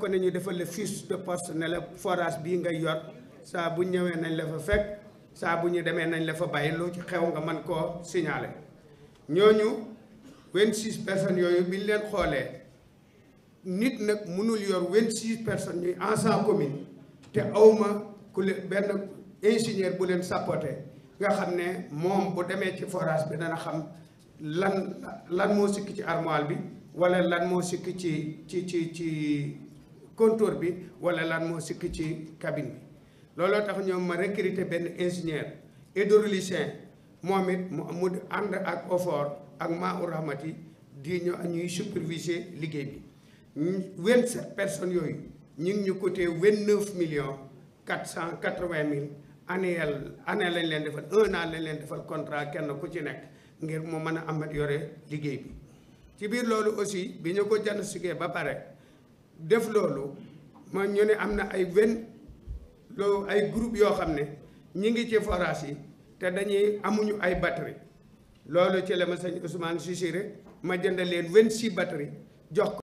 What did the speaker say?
ko ne ñu defal la fiche de poste ne la forage bi ngay yor saa bu ñëwee nañ la fa fekk saa bu ñu demee nañ la fa bàyyi lu ci xew nga mën koo signaler ñooñu 26 personnes yooyu biñ leen xoolee nit nag mënul yor 26 personnes ñuy en cent commune te awma ku leen benn ingénieur bu leen supporté nga xam ne moom bu demee ci forage bi dana xam lan lan moo sikk ci armoire bi wala lan moo sikk ci ci ci ci comptoir bi wala lan moo sikk ci cabine bi looloo tax ñoom ma recrité benn ingénieur hydraulicien moom it mu mu ànd ak OFOR ak Maa-u Rahmati di ñu ñuy superviser liggéey bi vingt-sept personnes yooyu ñu ngi ñu coûté vingt-neuf millions quatre cent quatre-vingt mille annuel année lañ leen defal un an lañ leen defal contrat kenn ku ci nekk ngir mu mën a amat yore liggéey bi ci biir loolu aussi bi ñu ko diagnostiqué ba pare def loolu ma ñu ne am na ay wenn loo ay groupe yoo xam ne ñi ngi ci forage yi te dañuy amuñu ay batterie loolu ci la ma sëñ Ousmane Cissé ma jënd leen vingt-six batterie jox ko